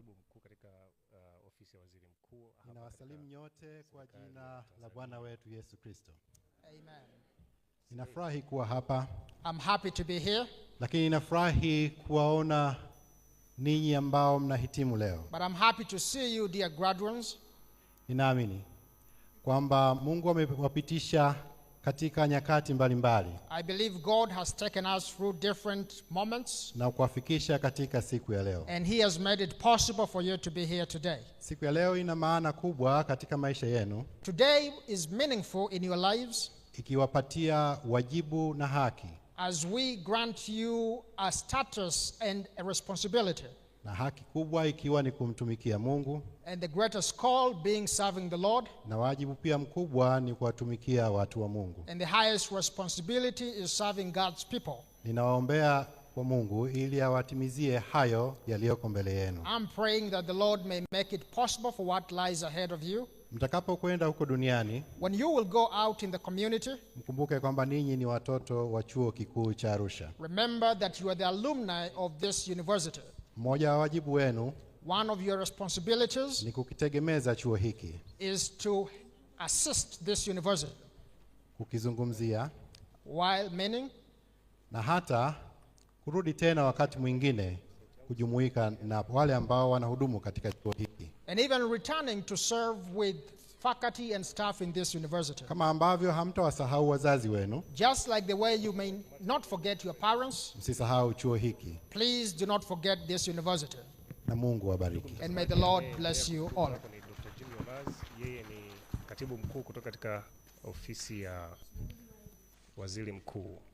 katibu mkuu katika uh, ofisi ya waziri mkuu. Ninawasalimu nyote kwa jina la Bwana wetu Yesu Kristo. Amen. Ninafurahi kuwa hapa. I'm happy to be here. Lakini ninafurahi kuwaona ninyi ambao mnahitimu leo. But I'm happy to see you dear graduates. Ninaamini kwamba Mungu amewapitisha katika nyakati mbalimbali I believe God has taken us through different moments na kuwafikisha katika siku ya leo. and he has made it possible for you to be here today. Siku ya leo ina maana kubwa katika maisha yenu, Today is meaningful in your lives ikiwapatia wajibu na haki as we grant you a status and a responsibility na haki kubwa ikiwa ni kumtumikia Mungu, and the greatest call being serving the Lord, na wajibu pia mkubwa ni kuwatumikia watu wa Mungu, and the highest responsibility is serving God's people. Ninawaombea kwa Mungu ili awatimizie hayo yaliyoko mbele yenu. I'm praying that the Lord may make it possible for what lies ahead of you. Mtakapokwenda huko duniani, when you will go out in the community, mkumbuke kwamba ninyi ni watoto wa chuo kikuu cha Arusha. Remember that you are the alumni of this university mmoja wa wajibu wenu one of your responsibilities ni kukitegemeza chuo hiki is to assist this university kukizungumzia while meaning na hata kurudi tena wakati mwingine kujumuika na wale ambao wanahudumu katika chuo hiki and even returning to serve with faculty and staff in this university. Kama ambavyo hamtawasahau wazazi wenu, Just like the way you may not forget your parents, msisahau chuo hiki, please do not forget this university. na Mungu wabariki. And may the Lord bless you all. yeye ni katibu mkuu kutoka katika ofisi ya waziri mkuu.